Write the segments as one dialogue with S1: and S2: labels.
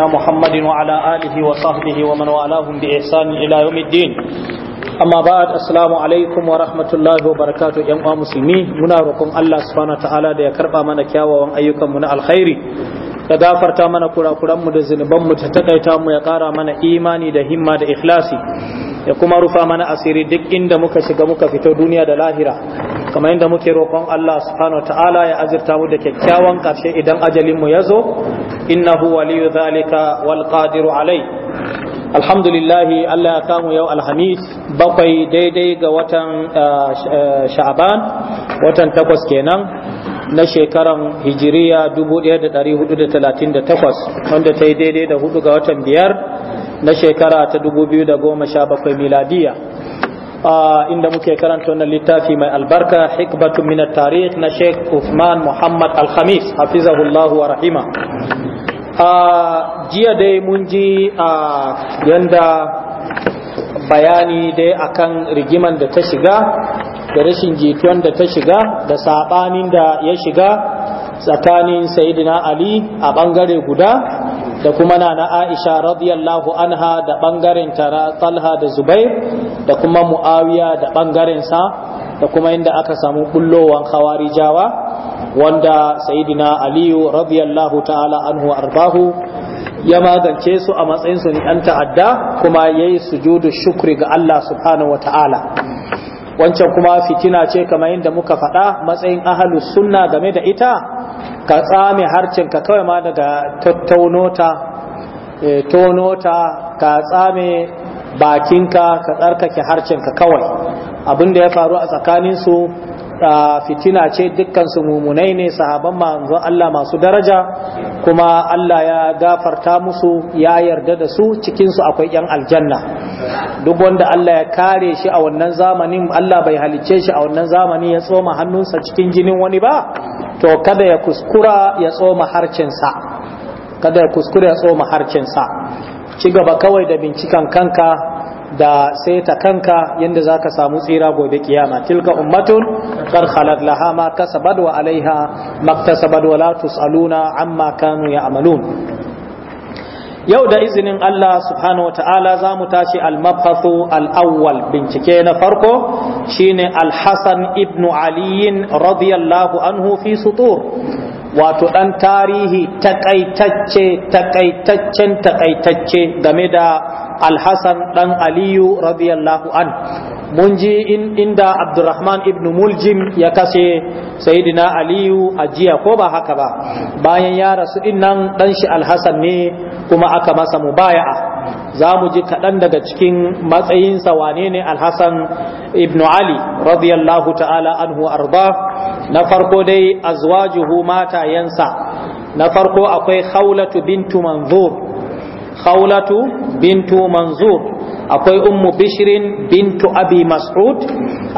S1: محمد وعلى آله وصحبه ومن والاهم بإحسان إلى يوم الدين أما بعد السلام عليكم ورحمة الله وبركاته يا مسلمين منا ركم الله سبحانه وتعالى da ya karba mana kyawawan ayyukan mu na alkhairi ya gafarta mana mu da mu ta takaita mu ya ƙara mana imani da himma da ikhlasi ya kuma rufa mana asiri duk inda muka shiga muka fito duniya da lahira kamar inda muke roƙon Allah subhanahu ta'ala ya azirta mu da kyakkyawan ƙarshe idan ajalinmu ya zo innahu waliyu zalika wal qadiru alai alhamdulillah Allah ya kamu yau alhamis bakwai daidai ga watan eh, eh, sha'aban watan takwas kenan na shekaran hijiriya 1438 wanda ta yi daidai da hudu ga watan biyar na shekara ta 2017 miladiya inda muke karanta wannan littafi mai albarka hikbatu min tarikh na Sheikh Uthman Muhammad Al-Khamis hafizahullahu wa rahima jiya dai mun ji yanda bayani dai akan rigiman da ta shiga da rashin jituwan da ta shiga da saɓanin da ya shiga tsakanin sayidina ali a ɓangare guda da kuma nana aisha radiyallahu anha da ɓangaren talha da zubair da kuma mu'awiya da ɓangarensa da kuma inda aka samu ɓullowan hawarijawa wanda sayidina aliyu radiyallahu ta'ala anhu arbahu ya magance su a matsayinsu ni ɗan ta'adda kuma ya yi sujudu shukri ga Allah subhanahu wa ta'ala wancan kuma fitina ce kamar yadda muka faɗa matsayin ahalus sunna game da ita ka tsame ka kawai ma daga tattaunota eh, tonota ka tsame bakinka ka tsarkake ka kawai abinda ya faru a tsakaninsu fitina ce dukkansu mumunai ne sahaban manzon Allah masu daraja kuma Allah ya gafarta musu ya yarda da su cikinsu akwai 'yan aljanna duk wanda Allah ya kare shi a wannan zamanin Allah bai halicce shi a wannan zamani ya tsoma hannunsa cikin jinin wani ba to kada ya kuskura ya tsoma harcinsa kada ya kuskura ya tsoma harcinsa ci gaba kawai da bincikan kanka da saita kanka yadda za ka samu tsira gobe kiyama tilka ummatun kar khalat laha ma kasabat wa alaiha maktasabat wa la tusaluna amma kanu amalun. yau da izinin Allah subhanahu wa ta'ala za mu tashi al-mabhathu al-awwal bincike na farko shine al-Hasan ibn Ali radiyallahu anhu fi sutur wato dan tarihi takaitacce takaitaccen takaitacce game da alhassan ɗan aliyu radiyallahu an mun ji inda abdurrahman ibn muljim ya kashe sayidina aliyu a jiya ko ba haka ba bayan ya rasu din nan ɗan shi alhassan ne kuma aka masa mubaya'a za mu ji kaɗan daga cikin matsayinsa wane ne alhassan ibn ali radiyallahu ta'ala anhu arba na farko dai azwajuhu matayensa na farko akwai haulatu bintu manzur khawlatu bintu manzur akwai ummu Bishrin bintu abi mas'ud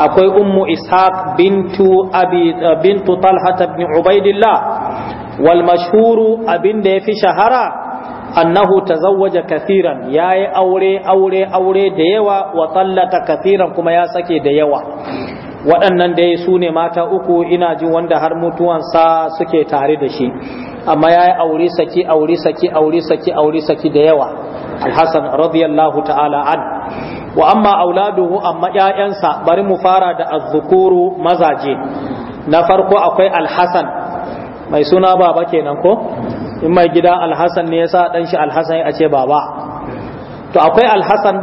S1: akwai ummu ishaq bintu abi eh, bintu talha ibn ubaidillah wal mashhuru abinda yafi shahara annahu tazawwaja kathiran yayi aure aure aure da yawa wa tallaka kathiran kuma ya sake da yawa waɗannan dai su sune mata uku ina ji wanda har mutuwansa suke tare da shi amma ya yi aure saki aure saki aure saki aure saki da yawa alhassan radiyallahu ta'ala an wa amma auladuhu amma 'ya'yansa bari mu fara da azzukuru mazaje na farko akwai alhassan mai suna baba kenan ko in mai gida alhassan ne yasa dan shi alhassan ya ce baba to akwai alhassan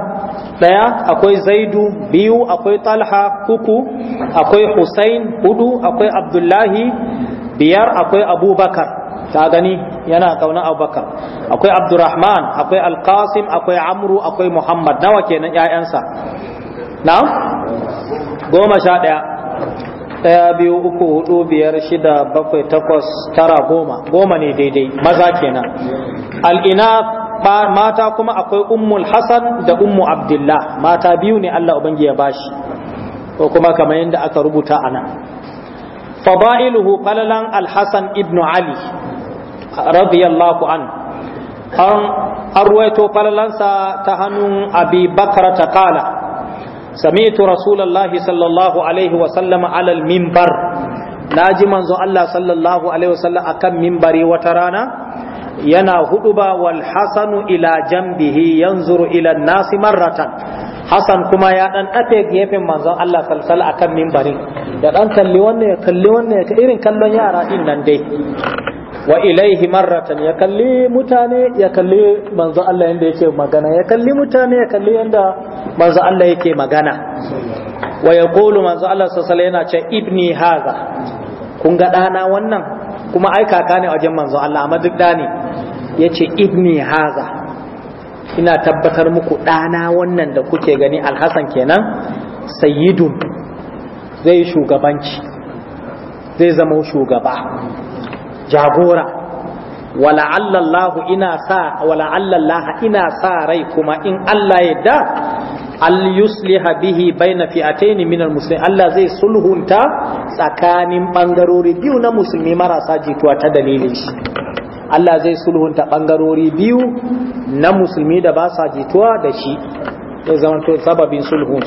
S1: daya akwai zaidu biyu akwai talha uku akwai husain hudu akwai abdullahi biyar akwai abubakar Tagani gani yana kauna abubakar akwai abdurrahman akwai alkasim akwai amru akwai muhammad nawa kenan 'ya'yansa, na goma sha ɗaya ɗaya biyu uku hudu biyar shida bakwai takwas tara goma goma ne daidai maza kenan al'ina mata kuma akwai ummul hasan da ummu abdullah mata biyu ne Allah ubangi ya bashi ko kuma kamar yadda aka rubuta ana fada'iluhu falalan al-hasan ibnu ali radiyallahu an an arwaito falalansa ta hannun abi bakara ta kala sami'tu rasulallahi sallallahu alaihi wasallam alal mimbar na ji manzo Allah sallallahu alaihi wasallam akan mimbari wata rana yana huduba wal hasanu ila jambihi yanzuru ila nasi marratan hasan kuma ya dan dafe gefen manzon Allah salsal akan mimbari da dan kalli wannan ya kalli wannan ya irin kallon yara din nan dai wa ilaihi marratan ya kalli mutane ya kalli manzo Allah yanda yake magana ya kalli mutane ya kalli yanda manzo Allah yake magana wa yaqulu manzo Allah sallallahu yana ce ibni haza kun ga dana wannan kuma ai kaka ne wajen manzo Allah amma duk dani yace ibni haza ina tabbatar muku dana wannan da kuke gani alhasan kenan sayyidun zai shugabanci zai zama shugaba jagora wala'allallahu ina sa wala'allallaha ina sa rai kuma in Allah ya da al yusliha bihi bayna fi'atayn min al muslimin Allah zai sulhunta tsakanin bangarori biyu na musulmi marasa jituwa ta dalilin shi Allah zai sulhunta bangarori biyu na musulmi da ba sa jituwa da shi zai zama to sababin sulhun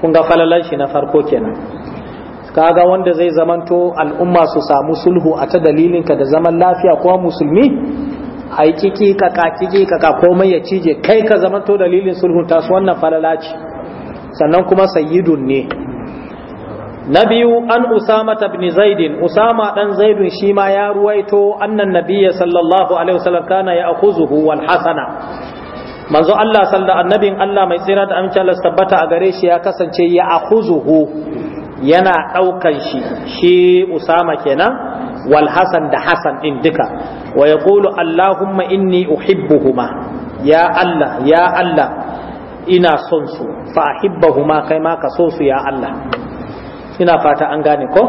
S1: kun ga falalan shi na farko kenan kaga wanda zai zamanto al'umma su samu sulhu a ta dalilinka da zaman lafiya ko musulmi haikiki kaka kiki ka komai ya cije kai ka zamanto dalilin sulhun tasu wannan falala ce sannan kuma sayyidun ne na biyu an usama ibn zaidin usama dan zaidun shi ma ya ruwaito annan nabiyya sallallahu alaihi wasallam kana ya akuzuhu wal hasana manzo Allah sallallahu annabin Allah mai tsira da amincin Allah tabbata a gare shi ya kasance ya akuzuhu yana ɗaukan shi shi usama kenan wal hasan da hasan ɗin duka wa ya allahumma inni uhibbuhuma ya allah ya allah ina son su fa ahibbahuma kai ma ka so su ya allah ina fata an gane ko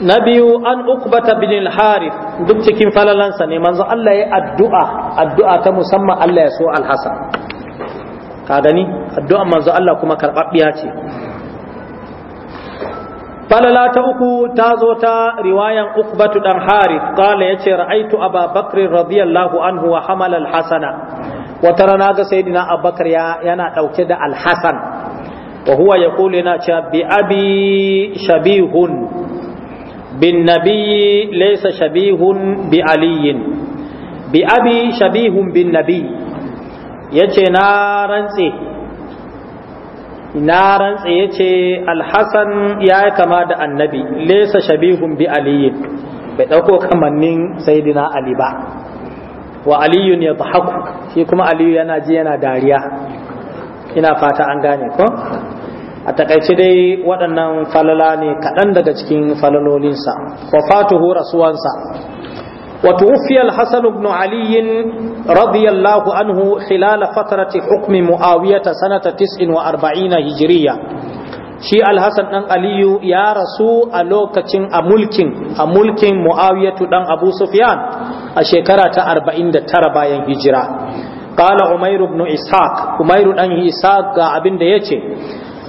S1: na biyu an ukbata bin al-harith duk cikin falalansa ne manzo Allah ya addu'a addu'a ta musamman Allah ya so al-hasan ka gani addu'a manzo Allah kuma karɓaɓɓiya ce falala ta uku ta zo ta riwayan ukbatu dan harith qala yace ra'aitu aba bakr radiyallahu anhu wa hamal al wata rana ga a abubakar yana dauke da alhasan hasan wa huwa yaqulu yana cewa bi abi shabihun bin nabiyyi laysa shabihun bi aliyin bi abi shabihun bin nabiyyi yace na rantse na rantsa ya ce alhassan ya kama da annabi lesa shabihun bi Aliyu, bai ɗauko kamannin sayidina ali ba wa aliyun ba haku shi kuma aliyu yana ji yana dariya ina fata an gane ko a takaice dai waɗannan falala ne kaɗan daga cikin falalolinsa fatuhu rasuwansa وتوفي الحسن بن علي رضي الله عنه خلال فترة حكم معاوية سنة تسع وأربعين هجرية شيء الحسن بن علي يا رسول ألوكة أملك أملك معاوية بن أبو سفيان الشكرة أربعين تربا هجرة قال عمير بن إسحاق عمير بن إسحاق أبن ديتي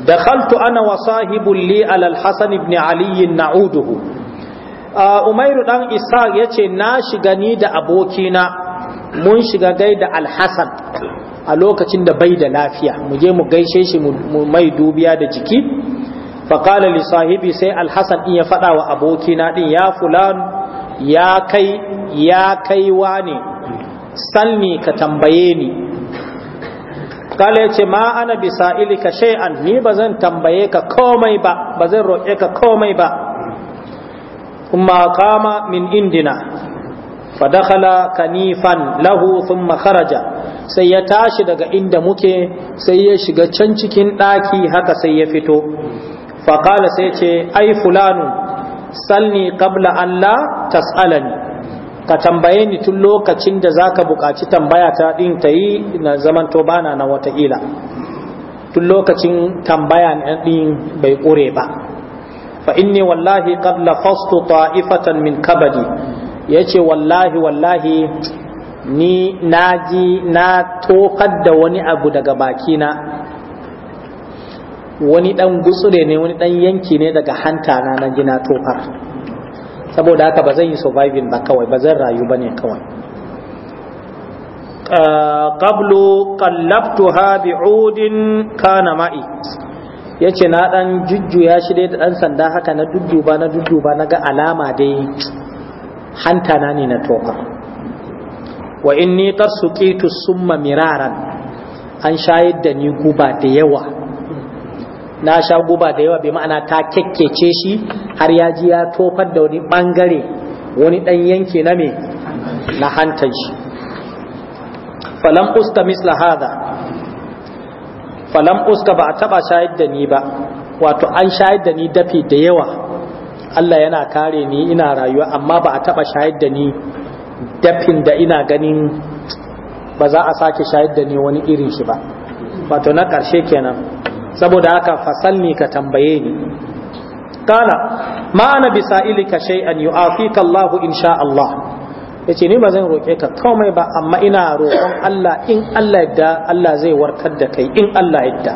S1: دخلت أنا وصاحب لي على الحسن بن علي نعوده umairu dan isa ya ce na shiga ni da abokina mun shiga gaida alhassan a lokacin da bai da lafiya mu je mu gaishe shi mu mai dubiya da jiki faƙala li sahibi sai alhassan in ya faɗa wa abokina ɗin ya fulan ya kai ya kai wane sanni ka tambaye ni kala ce ma ana bisa ilika shay'an ni bazan tambaye ka komai ba bazan roƙe ka komai ba ثم قام من عندنا فدخل كنيفا له ثم خرج sai ya tashi daga inda muke sai ya shiga can cikin ɗaki haka sai ya fito faƙala sai ce ai fulanu salni qabla Allah tas'alani ka tambaye ni tun lokacin da zaka buƙaci tambaya ta ɗin ta yi na zamanto bana na wataƙila tun lokacin tambaya ɗin bai ƙure ba fa inni wallahi qad lafastu ta'ifatan min kabadi yace wallahi wallahi ni naji na tokar da wani abu daga bakina wani dan gutsure ne wani dan yanki ne daga hanta na na gina tofar saboda haka ba zan yi surviving ba kawai ba zan rayu ba ne kawai qablu qallabtuha bi'udin kana ma'i ya ce na ɗan jujjuya shi dai da ɗan sanda haka na dudduba na dudduba na ga alama dai hanta na ne na toka wa in ni su kitu summa miraran an shayar da ni guba da yawa na sha guba da yawa bai ma'ana ta kekkece shi har ya ji ya tofar da wani bangare wani dan yanke na me na hantar shi falam usta misla hada falam uska ba a taba shayar da ni ba wato an shayar da ni dafi da yawa Allah yana kare ni ina rayuwa amma ba a taba shayar da ni dafin da ina ganin ba za a sake shayar da ni wani irin shi ba wato na ƙarshe kenan saboda haka fasalni ka tambaye ni kana ma'ana bisa ilika shay'an yu'afika Allahu insha Allah ya ce ni ba zan roƙe ka kawai ba amma ina roƙon Allah in Allah yadda Allah zai warkar da kai in Allah yadda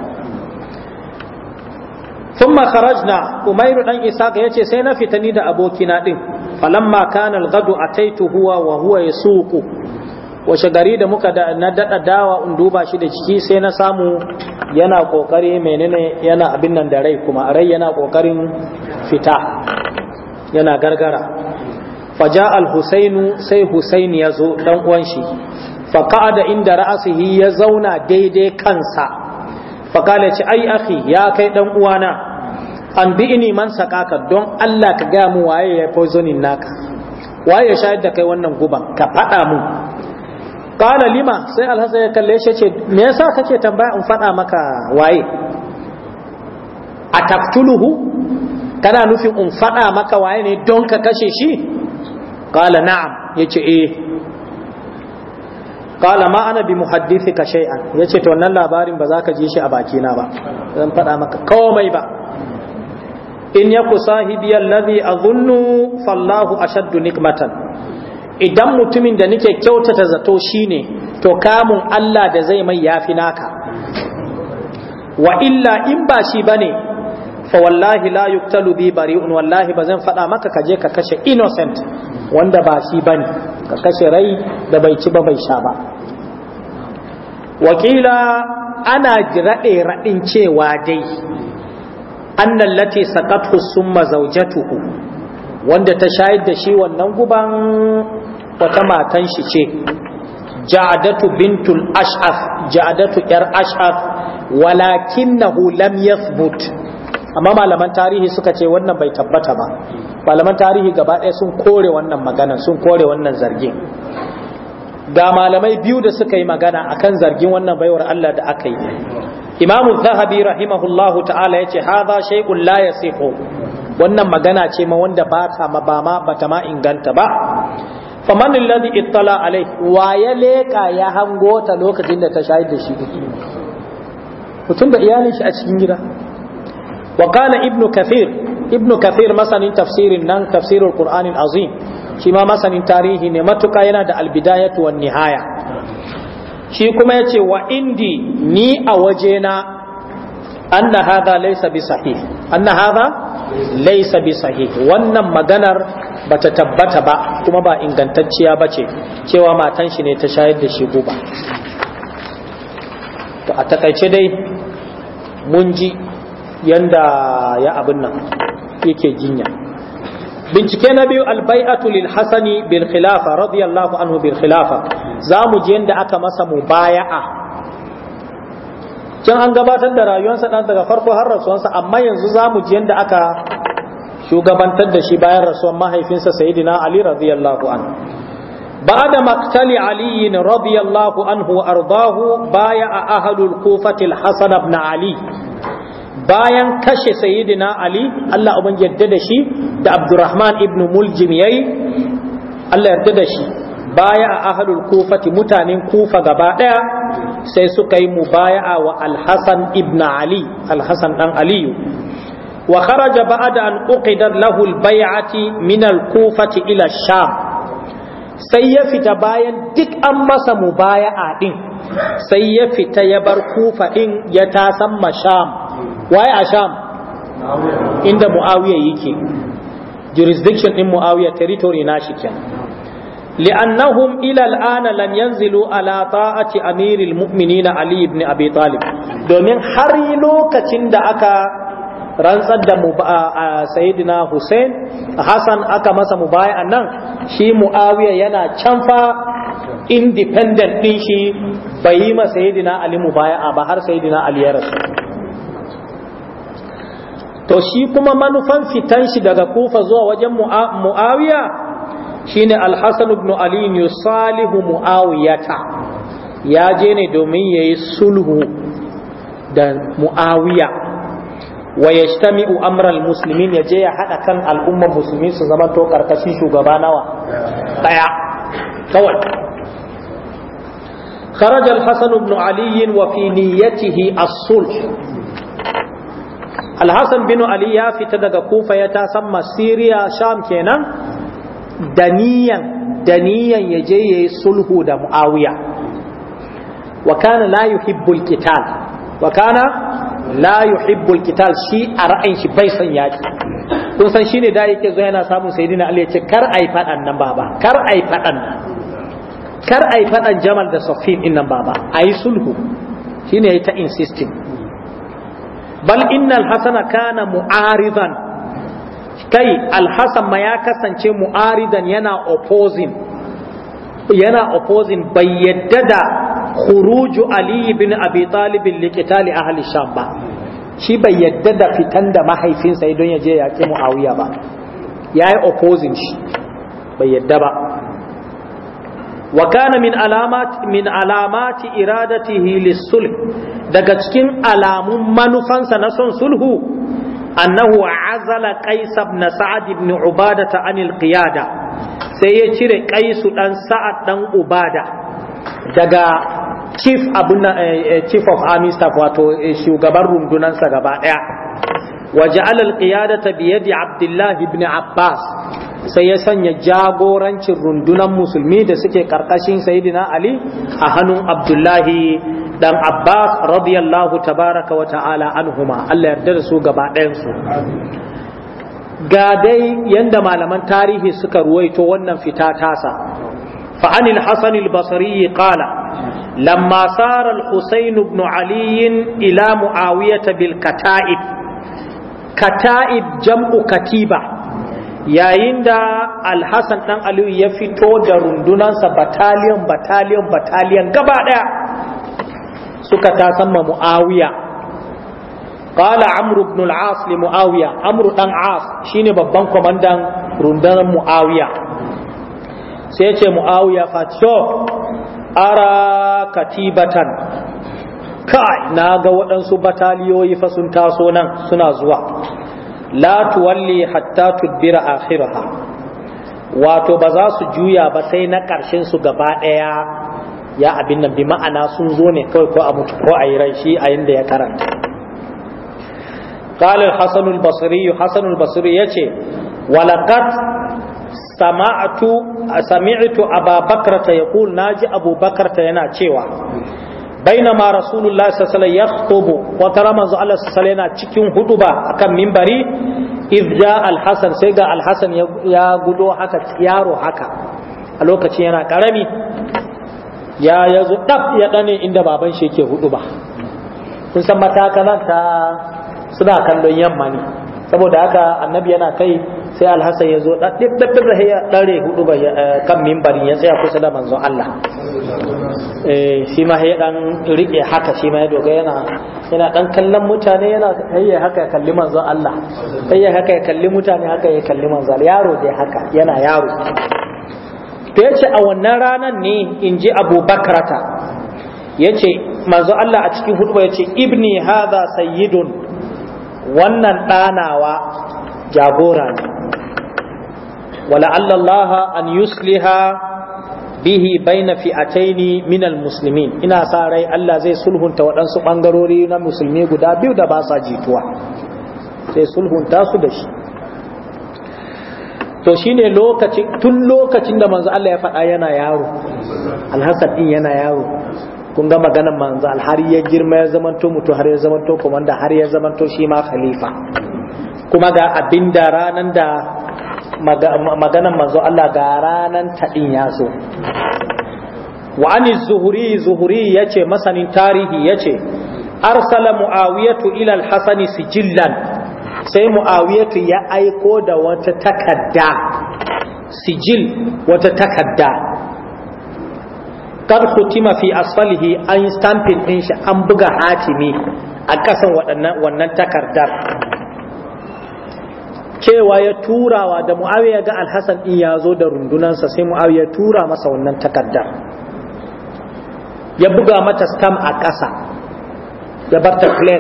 S1: ثم خرجنا أمير da إسحاق يجي سينا في تنيد أبو كنادين فلما huwa الغد أتيت هو وهو wace gari da muka da na daɗa dawa in duba shi da ciki sai na samu yana kokari menene yana abin nan da rai kuma rai yana kokarin fita yana gargara faja al-husainu sai husaini ya zo dan uwan shi faqa'ada inda ra'asihi ya zauna daidai kansa faqala ce ai akhi ya kai dan uwana an bi ini man sakaka don Allah ka gaya mu waye ya poisoning naka waye ya shayar da kai wannan guban ka fada mu qala lima sai alhasa ya kalle shi me yasa kake tambaya in faɗa maka waye ataktuluhu kana nufin in faɗa maka waye ne don ka kashe shi qala na'am yace eh e. ma ana bi muhaddithika shay'an yace to wannan labarin ba za ka ji shi a bakina ba zan faɗa maka komai ba in yaku sahibi a adhunnu fallahu ashaddu nikmatan idan mutumin da nake kyautata zato shine to kamun Allah da zai mai yafi naka wa illa in ba shi bane fawallahi wallahi la yuktalu bi bari'un wallahi ba zan faɗa maka ka je ka kashe innocent wanda ba shi bane ka kashe rai da bai ci ba bai sha ba wakila ana raɗe raɗin cewa dai annan lati saqathu summa zawjatuhu wanda ta shayar da shi wannan guban wata matan shi ce ja'adatu bintul ash'af ja'adatu yar ash'af walakinahu lam yathbut amma malaman tarihi suka ce wannan bai tabbata ba malaman tarihi gaba ɗaya sun kore wannan magana sun kore wannan zargin ga malamai biyu da suka yi magana akan zargin wannan baiwar Allah da aka yi imamu zahabi rahimahullahu ta'ala ya ce haza shay'un la yasihu wannan magana ce ma wanda ba ta ma ba ma bata ma inganta ba faman alladhi Itala alai wa ya leka ya hango ta lokacin da ta shayar da shi mutum da iyalin shi a cikin gida wa ibnu kathir ibnu kathir masanin tafsirin nan tafsirul qur'anin azim shima masanin tarihi ne matuka yana da albidayatu wan nihaya shi kuma yace wa indi ni a waje na? hadha laysa bi sahih anna wannan maganar bata tabbata ba kuma ba ingantacciya bace cewa matan shi ne ta shayar da shi guba to a takaice dai mun ji yanda ya abin nan yake jinya bincike na biyu albai'atu lil hasani bil khilafa radiyallahu anhu bil khilafa za mu je yanda aka masa baya'a. can an gabatar da rayuwarsa dan daga farko har rasuwansa amma yanzu za mu je yanda aka shugabantar da shi bayan rasuwan mahaifinsa sayyidina ali radiyallahu anhu بعد مقتل علي رضي الله عنه وأرضاه بايع أهل الكوفة الحسن بن علي bayan kashe sayyidina ali Allah uban yarda da shi da abdurrahman ibn muljim yayi Allah yarda da shi baya a ahlul kufati mutanen kufa gaba daya sai suka yi mubaya'a wa alhasan ibn ali alhasan dan aliyu wa kharaja ba'da an uqidat lahu albay'ati min kufati ila sham sai ya fita bayan duk an masa mubaya'a din sai ya fita ya bar kufa din ya tasamma sham waye a sham inda muawiya yake jurisdiction din muawiya territory na shi kenan li'annahum ila al'ana lam yanzilu ala ta'ati amiril mu'minina ali ibn abi talib domin har lokacin da aka rantsar da sayidina Hussein Hassan aka masa mubaya'a nan shi Muawiya yana can fa independent din shi bai yi ma sayidina Ali mubaya'a ba har sayyidina Ali ya rasu to shi kuma manufan fitan shi daga kufa zuwa wajen mu'awiya shine alhassan ibn ali salihu mu'awiyata ya je ne domin yayi sulhu da mu'awiya wa yajtami'u amral muslimin ya je ya haɗa kan al'ummar musulmi su zama to karkashin shugaba nawa ɗaya kawai خرج الحسن بن علي وفي نيته الصلح alhassan bin ali ya fita daga kufa ya tasamma siriya sham kenan daniyan daniyan ya je ya yi sulhu da muawiya wa kana la yuhibbul qital wa kana la yuhibbul qital shi a ra'ayin shi bai son yaki kun san shine da yake zo yana samun sayyidina ali ya ce kar ai fadan nan baba kar ai fadan kar ai fadan jamal da safin din nan baba Ai sulhu shine yayi ta insisting bal innal hasana kana mu'aridan kai alhasan ma ya kasance mu'aridan yana opposing yana opposing bai yadda da khuruju ali bin abi talib liqitali ahli sham ba shi bai yadda da fitan da mahaifinsa don ya je yaƙi muawiya ba yayi opposing shi bai yadda ba wa kana min alamati min alamati iradatihi lisulh daga cikin alamun manufansa na son sulhu annahu azala qais ibn sa'ad ibn ubada anil qiyada sai ya cire qais dan sa'ad dan ubada daga chief abuna eh, eh, chief of army staff wato shugaban rundunansa gaba daya wa ja'ala al-qiyadata bi yadi Abdullah ibn Abbas sai ya sanya jagorancin rundunar musulmi da suke karkashin sayyidina Ali a hannun Abdullahi dan Abbas radiyallahu tabaraka wa ta'ala anhuma Allah yarda da su gaba ɗayan su ga dai yanda malaman tarihi suka ruwaito wannan fita tasa fa anil hasan al-basri qala Husainu صار الحسين بن علي إلى معاوية بالكتائب kata'ib jam'u katiba yayin da alhassan ɗan aliyu ya fito da rundunansa bataliyan bataliyan bataliyan gaba ɗaya suka ma mu'awiya qala amru ibn al-as li mu'awiya amru ɗan as shine babban kwamandan rundunar mu'awiya sai ce mu'awiya fa ara katibatan kai na ga waɗansu bataliyoyi fa sun taso nan suna zuwa la tuwalli hatta tudbira akhiraha wato ba za su juya ba sai na ƙarshen su gaba ɗaya ya abin nan bi ma'ana sun zo ne kawai ko a mutu ko a yi rai shi a yadda ya karanta قال الحسن البصري حسن البصري يتي ولقد سمعت سمعت أبا بكرة يقول ناجي أبو yana cewa bainama rasulullah sallallahu alaihi wasallam yakhutubu wata Allah sallallahu yana cikin huduba akan mimbari idja al-hasan sai ga al-hasan ya gudo haka yaro haka a lokacin yana karami ya yazo dab ya dane inda baban shi yake huduba kun san matakalan ta suna kallon yamma ne saboda haka annabi yana kai sai alhassan ya zo ɗaɗɗaɗɗar da ya ɗare hudu kan mimbarin ya tsaya kusa da manzon Allah Eh, shi ma ya dan rike haka shi ma ya doga yana yana dan kallon mutane yana hayya haka ya kalli manzo Allah hayya haka ya kalli mutane haka ya kalli manzo Allah yaro dai haka yana yaro to yace a wannan ranan ne inji Abu Bakrata yace manzo Allah a cikin hudba yace ibni hadha sayyidun wannan danawa jagora ne wala Allah an yusliha bihi baina fi'ataini minal muslimin ina sa rai Allah zai sulhunta waɗansu ɓangarori na musulmi guda biyu da ba sa jituwa sai sulhunta su da shi to shine lokacin tun lokacin da manzo Allah ya faɗa yana yaro alhassan din yana yaro kun ga maganar manzo har ya girma ya zamanto mutu har ya zamanto komanda har ya zamanto shi ma khalifa kuma ga abinda ranan da maganan manzo Allah ga ranan taɗin ya zo wa ani zuhuri zuhuri yace, masanin tarihi yace, ce arsala mu'awiyatu ilal hasani sijillan sai mu'awiyatu ya aiko da wata takadda sijil wata takadda kad hutima fi asfalihi an stampin din shi an buga hatimi a ƙasan wannan takardar cewa ya turawa da muawiya ga alhassan in ya zo da rundunansa sai muawiya tura masa wannan takardar. ya buga mata stam a ƙasa ya bar ta plane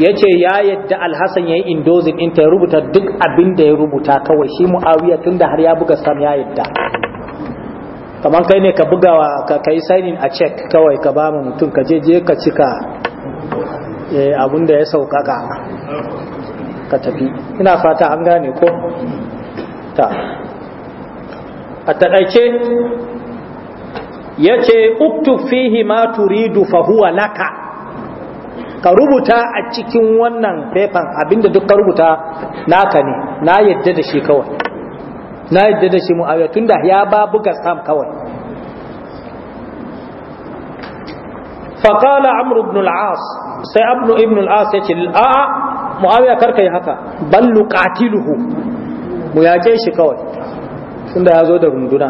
S1: ya ce ya yadda alhassan ya yi indozin ɗinta ya rubuta duk abin da ya rubuta kawai shi mu'awiya tun da har ya buga stam ya yadda kamar kai ne ka buga ka kai signing a check kawai ka ba mu mutum ka je je ka cika eh, abin da ya sauƙaƙa ka tafi ina fata an gane ko ta a taɗaice. ya ce fihi ma turidu fa huwa laka ka rubuta a cikin wannan faifan abinda duk ka rubuta naka ne na yadda da shi kawai na yadda da shi mu'awiya tunda ya ba buga sam kawai fa qala amr ibn al-as sai abnu ibn al ya ce a'a muawiya karka yi haka ballu katiluhu mu yaƙe shi kawai da ya zo da runduna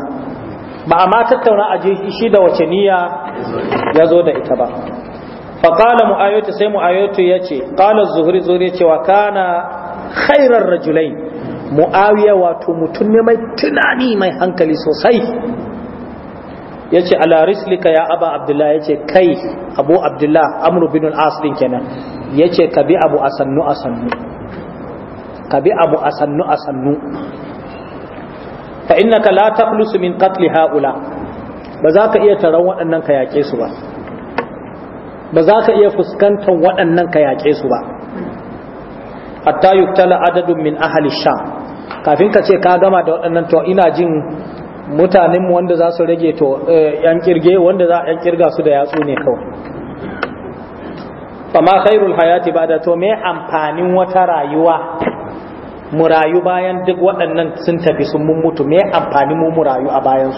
S1: ba a ma tattauna a shi da wace niyya ya zo da ita ba faƙala mu'ayotu sai mu'ayotu ya ce ƙala zuhuri zuhuri cewa kana khairar rajulai mu'awiya wato mutum ne mai tunani mai hankali sosai ya ce ala rislika ya aba abdullah ya ce kai abu abdullah amru bin as din kenan Yace ka bi abu a sannu a sannu ka bi abu a sannu a sannu fa innaka la taqlusu min qatli haula ba za ka iya taron waɗannan ka yaƙe su ba ba za ka iya fuskantar waɗannan ka yaƙe su ba hatta yuktala adadun min ahli sham kafin ka ce ka gama da waɗannan to ina jin mutanen wanda za su rage to eh, yan kirge wanda za a yan kirga su da yatsu ne kawai fama khairul hayati bada to me amfanin wata rayuwa mu rayu bayan duk waɗannan sun tafi sun mun me amfanin mu mu rayu a bayan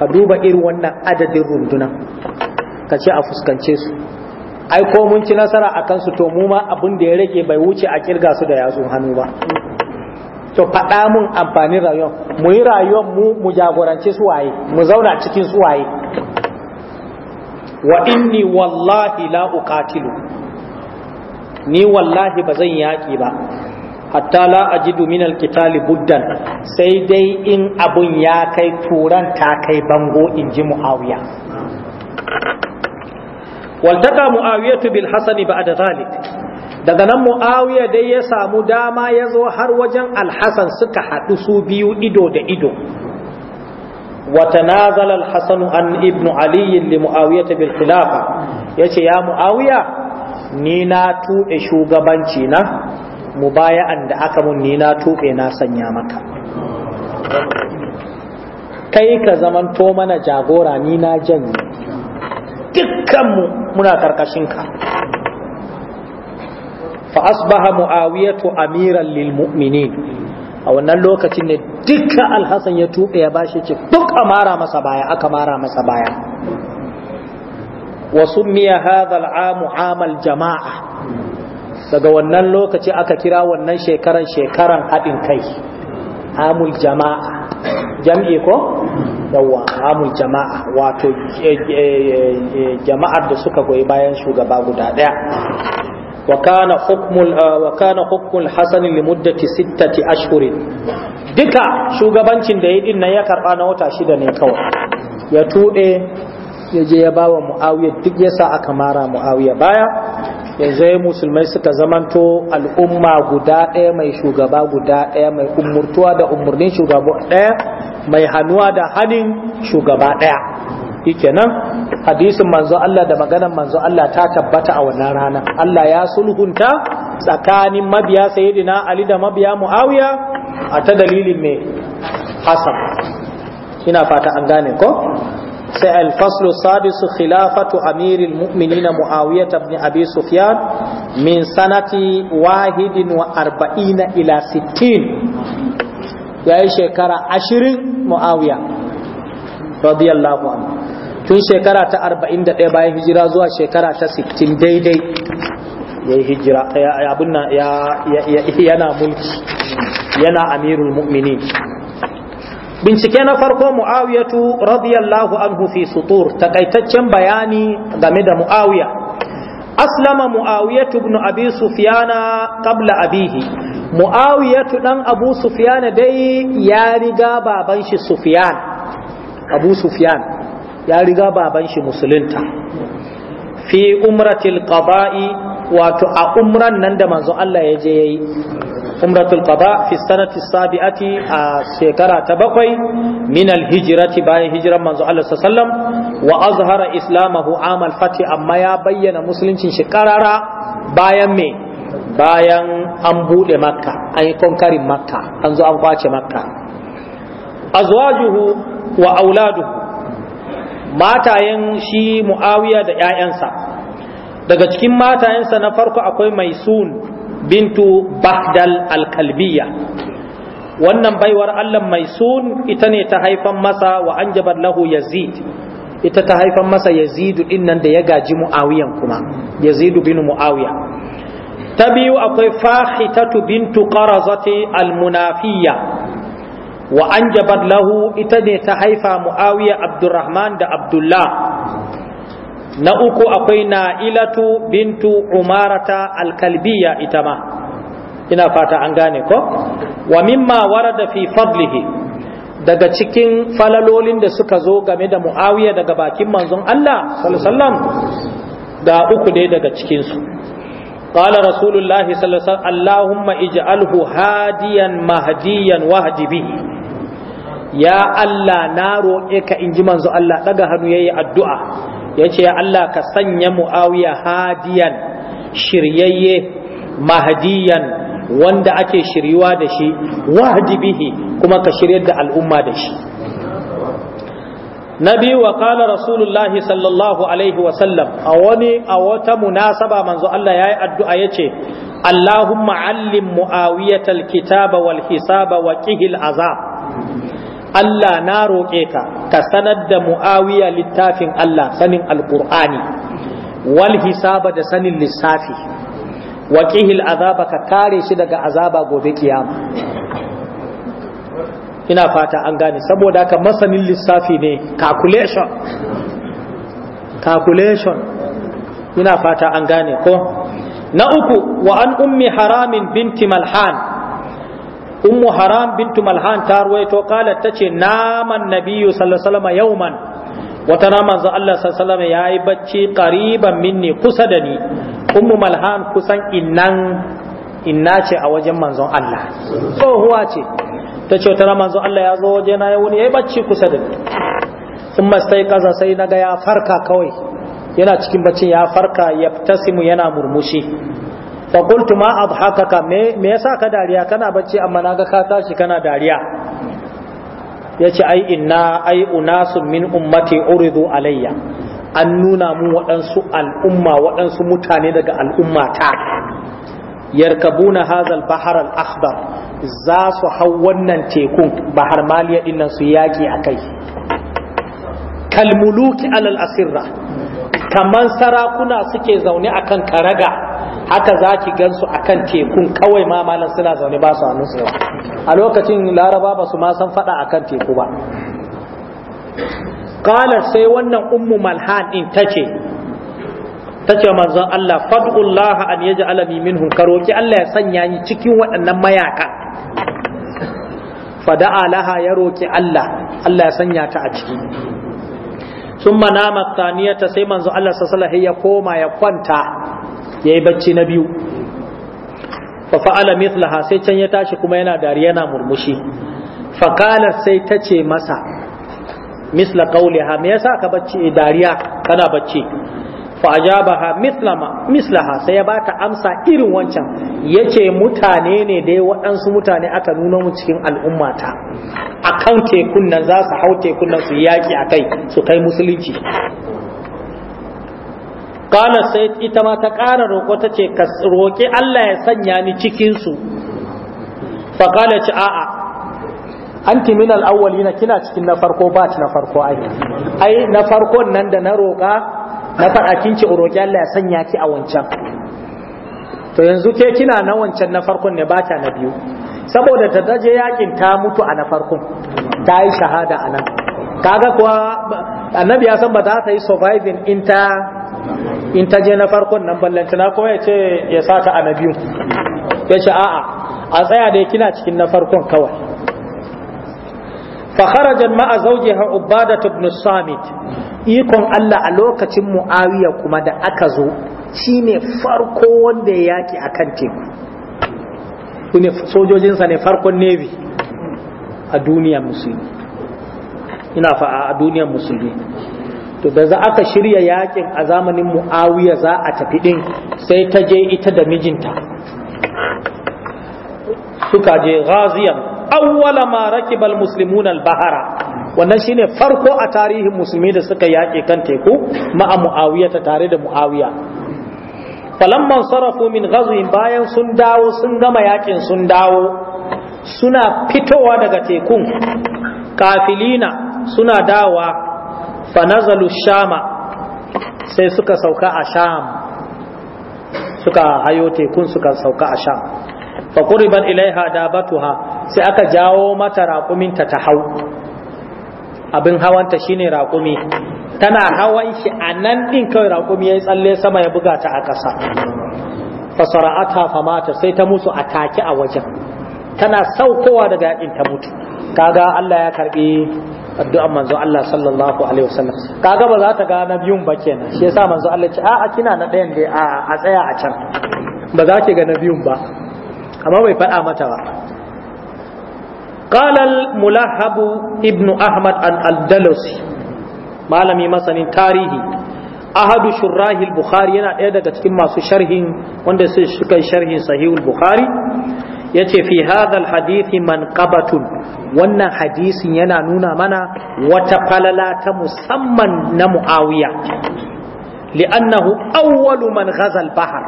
S1: ka duba irin wannan adadin runduna ka ce a fuskance su ai ko mun ci nasara a kansu to mu ma abin da ya rage bai wuce a kirga su da yatsun hannu ba to faɗa mun amfanin rayuwar mu yi rayuwar mu mu jagorance su waye mu zauna cikin su waye wa inni wallahi la uqatilu ni wallahi ba zan yaƙi ba hatta la ajidu min alqitali buddan sai dai in abun ya kai turan ta kai bango in ji muawiya waltaka muawiyatu bil hasan ba'da zalik daga nan muawiya dai ya samu dama ya zo har wajen alhasan suka haɗu su biyu ido da ido وتنازل الحسن عن ابن علي لمعاوية ya muawiya ni na tuɓe shugabanci na mubaya'an da aka mun ni na tuɓe na sanya maka kai ka zaman to mana jagora ni na janye dukkanmu muna karkashin ka. fa asbaha muawiyatu amiran lil mu'minin a wannan lokacin ne dukkan alhassan ya tuɓe ya bashi ce duk a mara masa baya aka mara masa baya wasu miya hadhal amu amal jama'a daga wannan lokaci aka kira wannan shekaran shekaran haɗin kai amul jama'a jam'i ko yawwa. amul jama'a wato eh, eh, eh, jama'ar da suka goyi bayan shugaba guda ɗaya وكان حكم وكان حكم sittati لمدة ستة shugabancin da شو غبانشين ده يدين نيا كربانا وتا شيدا ne kawai ya tude ya je ya bawa Muawiya duk yasa aka mara Muawiya baya yanzu musulmai suka zamanto al'umma guda ɗaya mai shugaba guda ɗaya mai umurtuwa da umurnin shugaba ɗaya mai hannuwa da hannun shugaba ɗaya shikenan hadisin manzo Allah da maganar manzo Allah ta tabbata a wannan rana Allah ya sulhunta tsakanin mabiya sayyidina Ali da mabiya Muawiya a ta dalilin me Hasan ina fata an gane ko sai al-faslu sadisu khilafatu amiril mu'minin Muawiya ibn Abi Sufyan min sanati wahidin wa arba'ina ila sittin yayi shekara ashirin Muawiya radiyallahu anhu tun shekara ta 41 bayan hijira zuwa shekara ta 60 daidai ya yi hijira abin yana mulki yana amirul bincike na farko mu'awiyatu radiyallahu anhu fi sutur takaitaccen bayani game da mu'awiya aslama mu'awiyatu ibn abi sufyana qabla abihi mu'awiyatu dan abu sufyana dai ya riga baban shi sufyan abu sufyan ya riga baban shi musulunta fi umratil qada'i wato a umran nan da manzo Allah ya je yayi umratul qada fi sanati sabi'ati a shekara ta bakwai min al hijrati bayan hijran manzo Allah sallallahu alaihi wasallam wa azhara islamahu amal fati amma ya bayyana musuluncin shi karara bayan me bayan an bude makka an yi konkarin makka an zo an kwace makka azwajuhu wa auladuhu matayen shi mu'awiya da 'ya'yansa daga cikin matayensa na farko akwai maisun bintu bakdal alkalbiya wannan baiwar allah sun ita ne ta haifan masa wa an lahu yazid ita ta haifan masa yazidu dinnan da ya gaji mu'awiyan kuma yazidu bin mu'awiya ta biyu akwai fahitatu bintu ƙarazati almunafiya wa an lahu ita ne ta haifa mu'awiya abdurrahman da abdullah na uku akwai na'ilatu bintu umarata alkalbiya ita ma ina fata an gane ko wa mimma warada fi fadlihi daga cikin falalolin da suka zo game da mu'awiya daga bakin manzon Allah sallallahu da uku ne daga cikinsu قال رسول الله صلى الله عليه وسلم اللهم اجعله هاديا مهديا واهد به ya Allah na roƙe ka in ji manzo Allah daga hannu addu'a yace ya Allah ka sanya Muawiya hadiyan shiryayye mahdiyan wanda ake shiryuwa da shi wahdi bihi kuma ka shiryar da al'umma da shi na biyu wa kala rasulullahi sallallahu alaihi wasallam a wani a wata munasaba manzo Allah ya yi addu'a ya ce Allahumma allim mu'awiyatal kitaba wal hisaba wa kihil azab Allah na roƙe ka ka sanar da mu'awiya littafin Allah sanin alƙur'ani wal hisaba da sanin lissafi wa qihil azaba ka kare shi daga azaba gobe kiyama ina fata an gane saboda ka masanin lissafi ne calculation calculation ina fata an gane ko na uku wa an ummi haramin binti malhan ummu haram bintu malhan ta ruwaito qalat tace naman nabiyyu sallallahu alaihi wasallam yawman wata naman manzo Allah sallallahu alaihi wasallam yayi bacci qariban minni kusa da ni ummu malhan kusan innan inna ce a wajen manzon Allah tsohuwa ce ta ce wata manzon Allah ya zo waje na ya wuni ya yi bacci kusa da ni kuma sai kaza sai naga ya farka kawai yana cikin baccin ya farka ya yana murmushi fa qultu ma me yasa ka dariya kana bacci amma naga ka kana dariya yace ai inna ai unasun min ummati uridu alayya an nuna mu waɗansu al'umma waɗansu mutane daga al'umma ta yarkabuna hazal bahar al za su hau wannan tekun bahar maliya dinnan su yaki akai kalmuluki alal asirra kaman sarakuna suke zaune akan karaga haka za ki gansu a kan tekun kawai ma malam suna zaune ba su hannun suna a lokacin laraba ba su ma san faɗa a kan teku ba kalar sai wannan ummu malhan ta ce ta ce manzon Allah fadullah an yaji alami min hunkaro ki Allah ya sanya ni cikin waɗannan mayaka fada'a laha ya roki Allah Allah ya sanya ta a ciki sun manama tsaniyata sai manzon Allah sallallahu ya koma ya kwanta ya yi bacci na biyu fa fa'ala mithlaha sai can ya tashi kuma yana dariya yana murmushi fa sai ta ce masa misla qawliha me yasa ka bacci dariya kana bacci fa ha mislaha sai ya bata amsa irin wancan yace mutane ne da ya waɗansu mutane aka nuna mu cikin al'ummata akan tekun nan za su hau tekun nan su a kai su kai musulunci qala sai ita ma ta ƙara roƙo ta ce ka roƙi Allah ya sanya ni cikinsu. su fa qala ci a'a anti min al awwalina kina cikin na farko ba batch na farko ai ai na farkon nan da na roƙa na faɗa ci roƙi Allah ya sanya ki a wancan to yanzu ke kina na wancan na farkon ne bata na biyu saboda ta daje yakin ta mutu a na farkon ta yi shahada a nan kaga kuwa annabi ya san ba za ta yi surviving in ta in ta je na farkon nan na kuma ya ce ya sa ta a na biyu ya ce a'a a tsaya da kina cikin na farkon kawai fakharajan ma'a zawjiha ubadat ibn samit ikon Allah a lokacin muawiya kuma da aka zo shine farko wanda ya yaki akan teku ne sojojinsa ne farkon navy a duniyar musulmi ina fa a duniyar musulmi to da za aka shirya yakin a zamanin mu'awiya za a tafi din sai ta je ita da mijinta suka je ghaziyan awwala ma rakibal muslimun al bahara wannan shine farko a tarihin musulmi da suka yake kan teku ma'a mu'awiya ta tare da mu'awiya falamma sarrafu min ghazwin bayan sun dawo sun gama yakin sun dawo suna fitowa daga tekun kafilina suna dawa fanazalu shama sai suka sauka a sham suka hayo tekun suka sauka a sham quriban ilaiha dabatuha sai aka jawo mata raƙuminta ta hau abin hawanta shine raƙumi tana hawan shi a nan ɗin kawai raƙumi tsalle sama ya buga ta a ƙasa fasara'ata famata sai ta musu a take a wajen tana saukowa daga yakin ta mutu kaga Allah ya karbi addu'an manzo Allah sallallahu alaihi wasallam kaga ba za ta ga na biyun ba kenan shi yasa manzo Allah ce a'a kina na ɗayan dai a a tsaya a can ba za ki ga na biyun ba amma bai faɗa mata ba قال الملهب ابن أحمد الأندلسي malami masanin tarihi ahadu shurrahil bukhari yana ɗaya daga cikin masu sharhin wanda suka yi sharhin sahihul bukhari ya ce fi hadal hadithi man qabatun wannan hadisin yana nuna mana wata falala ta musamman na mu'awiya li'annahu awwalu man ghazal bahar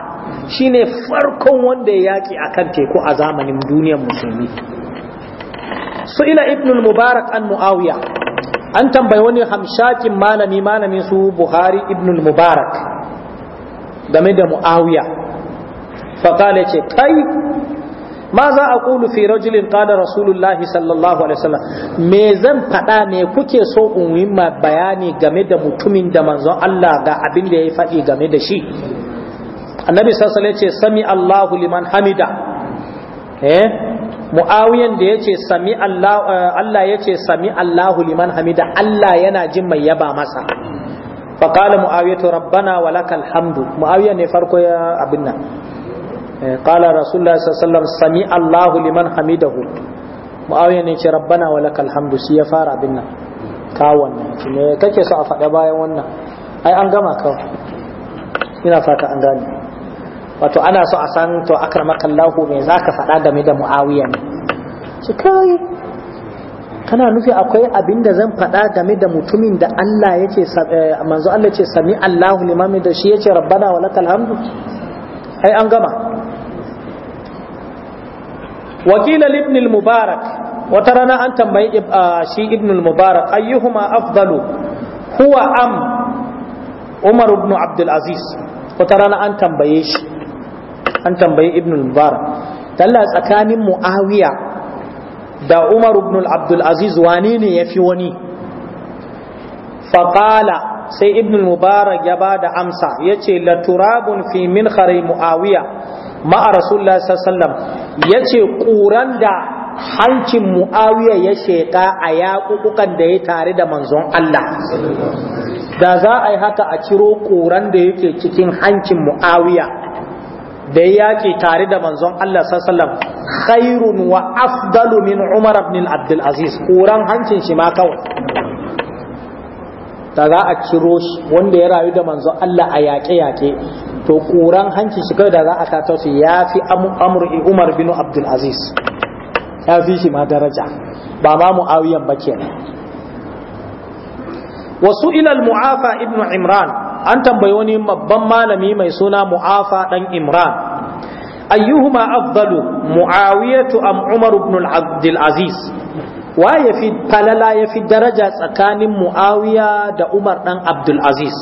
S1: shine farkon wanda ya yaki akan teku a zamanin duniyar musulmi su ila ibnul mubarak an mu'awiya an tambayi wani hamshakin malami malamin su buhari ibnul mubarak game da mu'awiya faƙale ce kai ma za a ƙulu fi rajulin qala rasulullahi sallallahu alaihi wasallam me zan faɗa ne kuke so in yi ma bayani game da mutumin da manzon Allah ga abin da ya yi faɗi game da shi annabi sallallahu alaihi ce sami Allahu liman hamida eh muawiyan da yace sami eh, Allah Allah yace sami Allahu liman hamida Allah yana jin mai yaba masa faqala muawiyatu rabbana walakal hamdu muawiya ne farko ya abin nan qala rasulullahi sallallahu alaihi wasallam sami Allahu liman hamidahu muawiya ne ce rabbana wa lakal hamdu shi ya fara abin nan ka wannan kake so a faɗa bayan wannan an gama kawai ina wato ana so a san to akramakallahu me zaka faɗa game da muawiya ne shi kai kana nufi akwai abin da zan faɗa game da mutumin da Allah yake manzo Allah ce sami Allahu liman da shi yace rabbana wa hamdu ai an gama wakila ibn mubarak wata rana an tambayi shi ibn al-mubarak ayyuhuma afdalu huwa am umar ibn abdul wata rana an tambaye shi an tambayi ibn mubarak talla tsakanin muawiya da umar ibn abdul aziz wane ne yafi wani faqala sai ibn mubarak ya ba da amsa ya ce laturabun fimin min mu'awiya ma'a rasulullah sallallahu ya ce ƙuran da hancin mu'awiya ya sheƙa a yaƙuƙukan da ya tare da manzon Allah da za a yi haka a ciro ƙuran da yake cikin hancin mu'awiya da ya yaƙi tare da manzon Allah sallallahu khairun wa afdalu min umar ibn abdul aziz ƙuran hancin shi ma kawai da za a ciro shi wanda ya rayu da manzon Allah a yaƙe-yaƙe to kuran hanci shi kai da za a kato shi ya fi amur umar bin abdul aziz ya fi shi ma daraja ba ma muawiyan ba kenan wasu ilal mu'afa ibn imran an tambayi wani babban malami mai suna mu'afa dan imran ayyuhuma afdalu muawiyatu am umar ibn abdul aziz wa yafi falala yafi daraja tsakanin muawiya da umar dan abdul aziz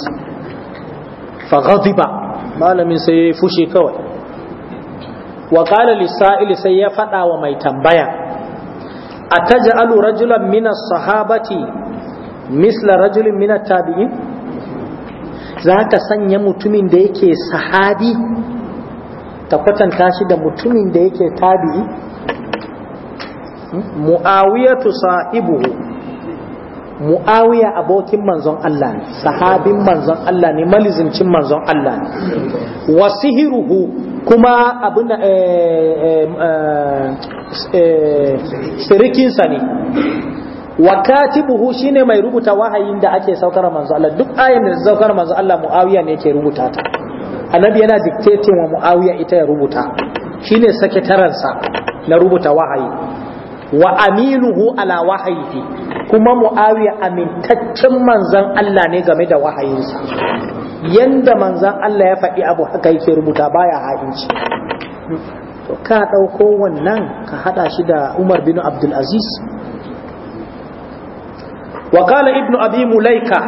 S1: fa ghadiba malamin sai ya yi fushi kawai wa qala lisa'ili sai ya faɗa wa mai tambaya ataj'alu rajulan min as-sahabati misla rajulin min at-tabi'in ka sanya mutumin da yake sahabi ta kwatanta shi da mutumin da yake tabi'i mu'awiyatu saibuhu mu'awiya abokin manzon Allah ne sahabin manzon Allah ne malizincin manzon Allah ne wa sihiruhu kuma abin eh, eh, eh, sirikinsa ne wa katibuhu shine mai rubuta wahayin da ake saukar manzo Allah duk ayin da saukar manzo Allah muawiya ne yake rubuta ta annabi yana dictating wa muawiya ita ya rubuta shine sakataren na rubuta wahayi wa aminuhu ala wahayihi kuma muawiya amintaccen manzan Allah ne game da wahayinsa yanda manzan Allah ya faɗi abu haka yake rubuta baya ha'inci to ka ɗauko wannan ka haɗa shi da Umar bin Abdulaziz? Aziz wa qala ibnu abi mulaika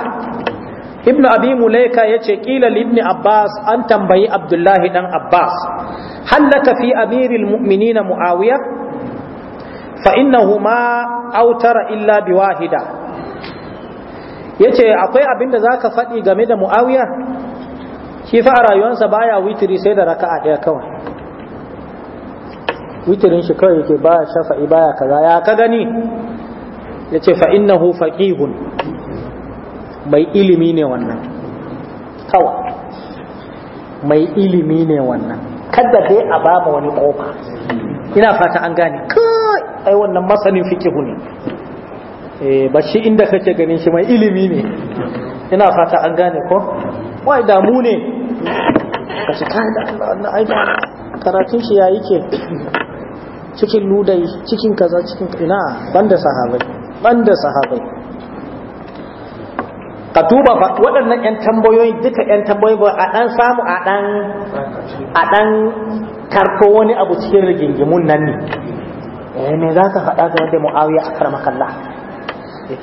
S1: ibnu abi mulaika yace kila li ibn abbas an tambayi abdullahi dan abbas hallaka fi amiril mu'minina muawiya fa ma autara illa biwahida yace akwai abin da zaka faɗi game da muawiya shi fa a rayuwarsa baya witiri sai da raka'a ɗaya kawai witirin shi kawai yake baya shafa'i baya kaza ya ka gani yace fa innahu faqihun mai ilimi ne wannan kawai mai ilimi ne wannan kada dai a baba wani kofa ina fata an gane kai ai wannan masanin fikihu ne eh, ba shi inda kake ganin shi mai ilimi ne ina fata an gane ko wai damu ne ka shi kai da Allah ai karatun shi ya yake cikin ludai cikin kaza cikin ina banda sahabai banda sahabai ka tuba fa waɗannan ƴan tambayoyi duka ƴan tambayoyi ba a dan samu a dan a dan karko wani abu cikin rigingimun nan ne eh me za ka faɗa game da mu'awiya a karmakalla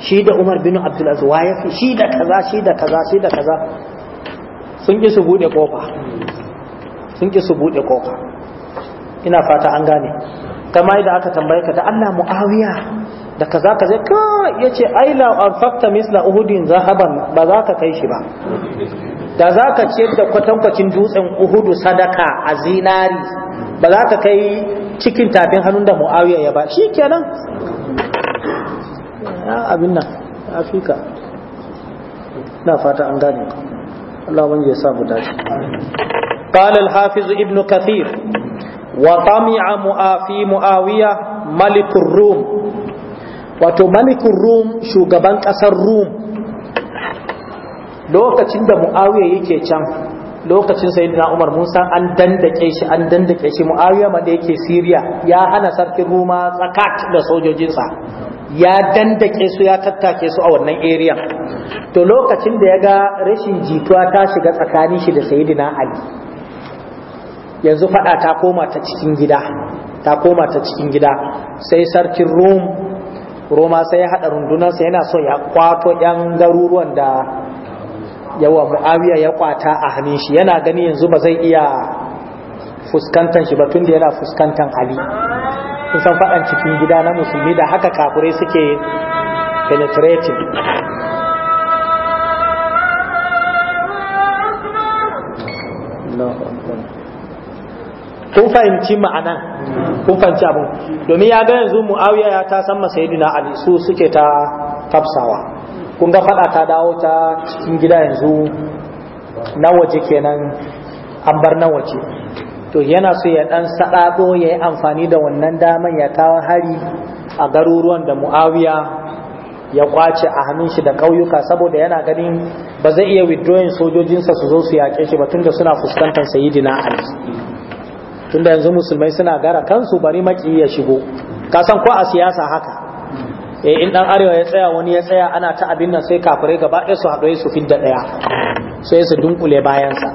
S1: shi da umar bin abdulaziz wa ya fi shi da kaza shi da kaza shi da kaza sun ki su buɗe kofa sun ki su buɗe kofa ina fata an gane kama da aka tambaye ka da Allah mu'awiya da kaza kaza ka yace ai la anfaqta misla uhudin zahaban ba za ka kai shi ba da za ka ciyar da kwatankwacin dutsen uhudu sadaka a zinari ba za ka kai cikin tafin hannun da mu'awiya ya ba shi kenan abin nan afirka na fata an gane Allah wani ya samu dace Hafizu Ibn Kathir, wa وطمع mu'afi mu'awiya malikun rum wato malikun rum shugaban ƙasar rum lokacin da mu'awiya yake can lokacin sayyidina Umar musa an dandake shi an dandake shi Muawiya ma da yake Syria ya hana sarkin Roma tsakat da sojojinsa ya dandake su ya tattake su a wannan area to lokacin da ya ga rashin jituwa ta shiga tsakanin shi da sayyidina Ali yanzu fada ta koma ta cikin gida ta koma ta cikin gida sai sarkin Rome Roma sai ya hada rundunarsa yana so ya kwato yan garuruwan da yawa mu'awiya ya kwata a hannun shi yana gani yanzu ba zai iya fuskantar shi ba tun da yana fuskantar ali kusan faɗan cikin gida na musulmi da haka kafurai suke penetrating kun fahimci ma'ana kun fahimci abu domin ya ga yanzu mu'awiya ya ta san masayidina ali su suke ta tafsawa kun ga fada ta dawo ta cikin gida yanzu na waje kenan an bar na waje to yana so ya dan sadado ya yi amfani da wannan daman ya kawo hari a garuruwan da muawiya ya kwace a hannun shi da ƙauyuka saboda yana ganin ba zai iya withdrawing sojojinsa su zo su yaƙe shi ba tunda suna fuskantar sayidina ali tunda yanzu musulmai suna gara kansu bari maki ya shigo kasan ko a siyasa haka eh in dan arewa ya tsaya wani ya tsaya ana ta abin nan sai kafirai gaba ɗaya su haɗu su fidda ɗaya sai su dunkule bayansa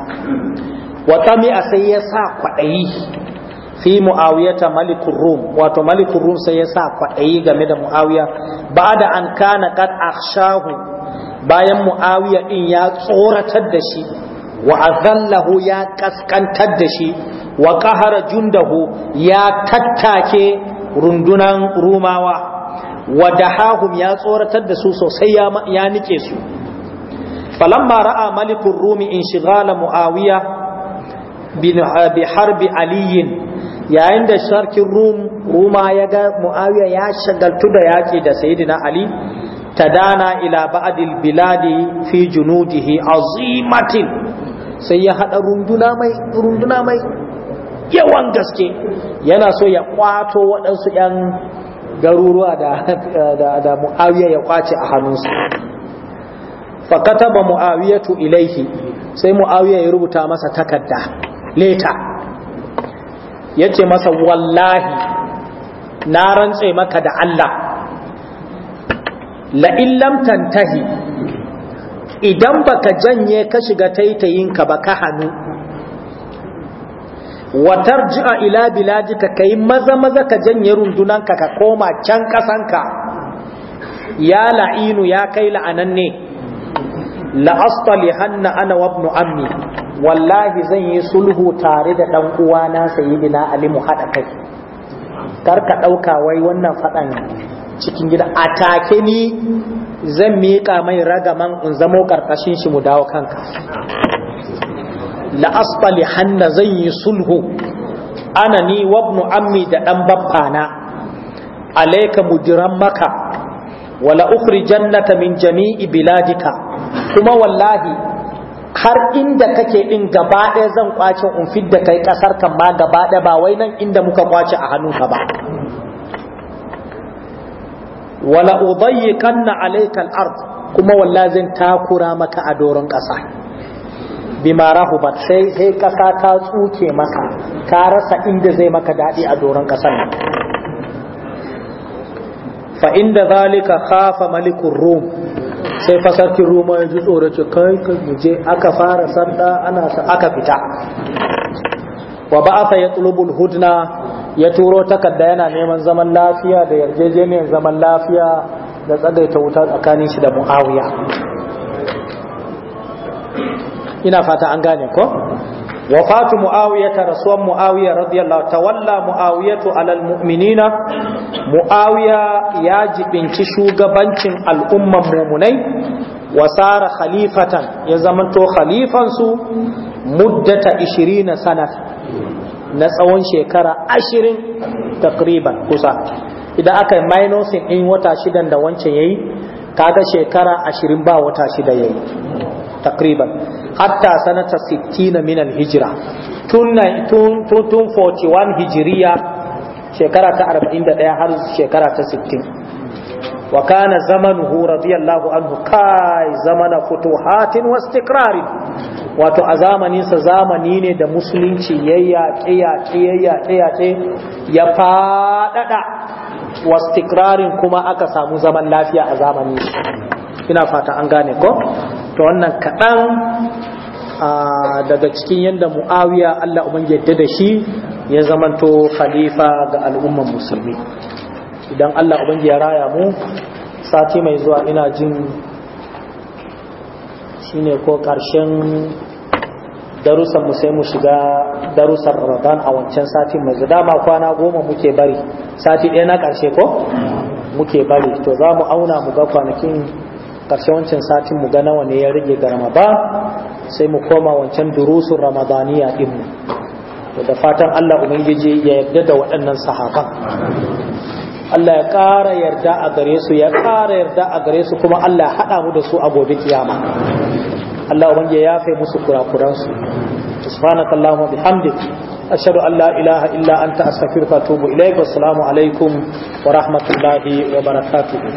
S1: wata mi'a sai ya sa kwaɗayi fi mu'awiyata malikun rum wato malikun rum sai ya sa kwaɗayi game da mu'awiya ba da an kana kan akhshahu bayan mu'awiya din ya tsoratar da shi wa azallahu ya kaskantar da shi wa qahara jundahu ya tattake rundunan rumawa Wadahahum hahum ya tsoratar da su sosai ya nike su falamma ra'a malikun rumi in shigala mu'awiya eh, bi harbi aliyin yayin da sarkin rum ruma ya ga mu'awiya ya shagaltu da yaƙi da sayidina ali tadana ila ba'dil biladi fi junudihi azimatin sai ya haɗa runduna mai runduna mai yawan gaske yana so ya ƙwato waɗansu 'yan garuruwa da mu'awiya ya kwace a hannunsa fakataba mu'awiyatu ilaihi sai mu'awiya ya rubuta masa takarda leta yace masa wallahi na rantse maka da Allah la illam tantahi idan baka janye ka shiga taitayinka ba ka hannu watar ji'a ila biladika ka yi maza-maza ka janye rundunanka ka koma can ka ya la'inu ya kai la'anan ne la'astali hanna ana wabnu ammi wallahi zan yi sulhu tare da ɗan uwana sayidina ali mu haɗa kai kar ka ɗauka wai wannan faɗan cikin gida a take ni zan miƙa mai ragaman in zamo ƙarƙashin shi mu dawo kanka la'asbali hanna zan yi sulhu ana ni wabnu ammi da ɗan babbana alaika mudiran maka wala ukhri jannata min jami'i biladika kuma wallahi har inda kake din gaba ɗaya zan kwace in fidda kai ƙasar kan ma gaba ɗaya ba wai nan inda muka kwace a ka ba wala udayyiqanna alayka al-ard kuma wallahi zan takura maka a doron ƙasa bima rahubat sai sai kasa ta tsuke maka ka rasa inda zai maka dadi a doron kasan fa inda zalika khafa malikur rum sai fasarkin Ruma roma ya ji tsoro ce kai ka je?" aka fara sanda ana sa aka fita wa ba'atha yatlubul hudna ya turo takarda yana neman zaman lafiya da yarjejeniyar zaman lafiya da tsagaita wuta tsakanin shi da muawiya ina fata an gane ko wafatu muawiyata rasuwan muawiya radiyallahu tawalla muawiyatu alal mu'minina muawiya ya jibinci shugabancin al'ummar mumunai Wa wasara khalifatan ya zamanto khalifansu muddata 20 sanata na tsawon shekara 20 takriban kusa idan aka yi minusin in wata shidan da wancan yayi kaga shekara 20 ba wata shida yayi تقريبا حتى سنة ستين من الهجرة تون تون فوتي وان هجرية شكرة أربعين دقيقة حرز شكرة ستين وكان زمنه رضي الله عنه كاي زمن فتوحات واستقرار wato a zamaninsa zamani ne da musulunci ya yaƙe yaƙe ya ya faɗaɗa wastikrarin kuma aka samu zaman lafiya a zamanin ina fata an gane ko to wannan kaɗan daga cikin yadda mu'awiya Allah umar yadda da shi ya zamanto khalifa ga al'ummar musulmi idan Allah umar ya raya mu sati mai zuwa ina jin shine ko ƙarshen darussan mu sai mu shiga darussan ramadan a wancan sati mai zuwa dama kwana goma muke bari sati ɗaya na karshe ko muke bari to za mu auna mu ga kwanakin ƙarshe wancan satin mu ga nawa ne ya rage ga ramadan sai mu koma wancan durusun ramadaniya din mu da fatan Allah ubangiji ya yarda da waɗannan sahaban Allah ya ƙara yarda a gare su ya ƙara yarda a gare su kuma Allah ya haɗa mu da su a gobe kiyama Allah ubangiji ya yafe musu kurakuransu subhanakallahumma bihamdika أشهد ilaha illa إله إلا wa أستغفرك وأتوب إليك alaikum wa rahmatullahi wa وبركاته